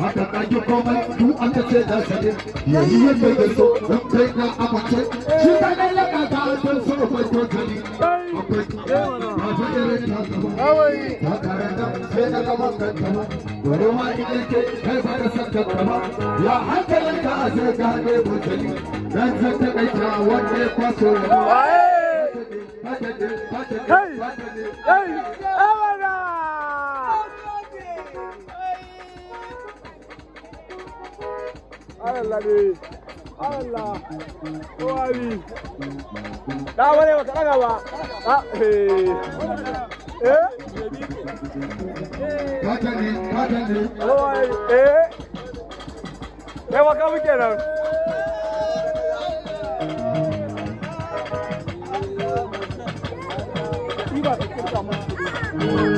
haka ɗage komai du aka ce da sadin ya yi yadda ya so don kai na amince shi ta nan ya kaka don so akwai kokari akwai ba ta irin ta gaba ta sai na gaba kan gaba ma idan ke kai ba ka san kan gaba ya ka a sai gane mutane dan san ta kai ta kwaso ya ba Hey! Hey! Hey! Allah ne Allah kowani da wani baka daga ba a eh eh patani patani kowani eh kai waka muke nan Thank you.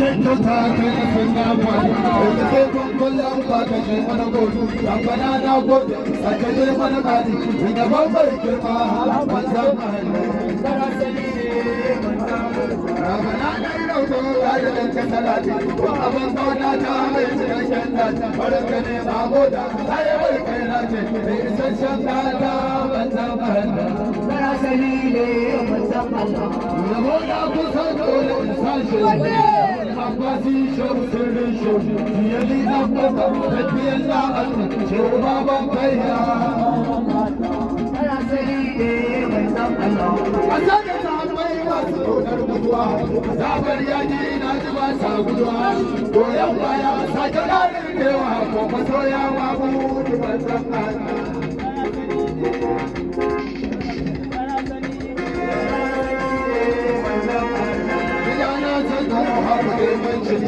danganta kai a ina ban da ɗanka talati, ko abin ta ne ta kata ban zan ne yabo da kusa ga wani insan shi abbasi shehu sirrin shehu fiyali na kofa tafiyan na allah shehu baban ya. a sake sahabbai masu ƙaunar guduwa zagar yaji na ji ba sa guduwa goyon baya sake ƙarin dewa ko masoya ma mu duban san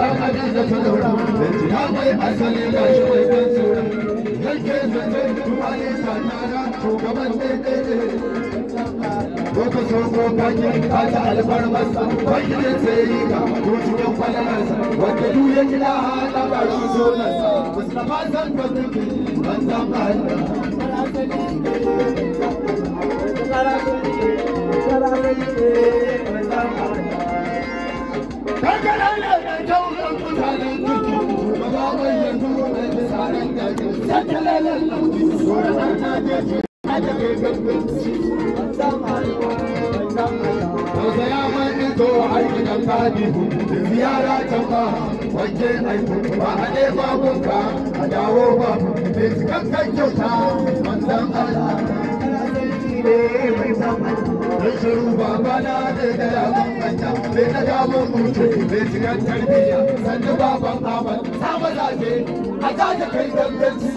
dan hadiza ta daura ya bai asali ga shi bai kan tsoro yake zance kuma ne sanara shugaban daidai ko ka so ko ka ki ka ta alfarmarsa bayyana sai yi ka ko cikin kwalalarsa wanda duk ya kira hada ba shi zonarsa musulman san ka dubi ban zan ka hada ziyara can ba wanke aiko ba a ɗaya babunka a dawo ba mai cikakken kyauta wai shiru babana da kalaman manya bai na damar mutu bai shiga tarbiyya sannu baban amal ta mazaje a ta da kai ganganci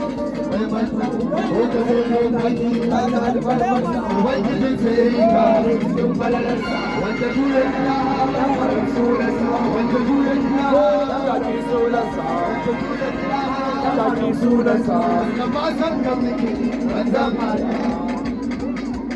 mai manta ko ka zo ko kaki ka ta albarmarsa ubangijin sai ya yi karo cikin falalarsa wanda juya ina halar sunansa wanda juya ina halar sunansa wanda juya ina halar sunansa wanda ba san da muke wanda ba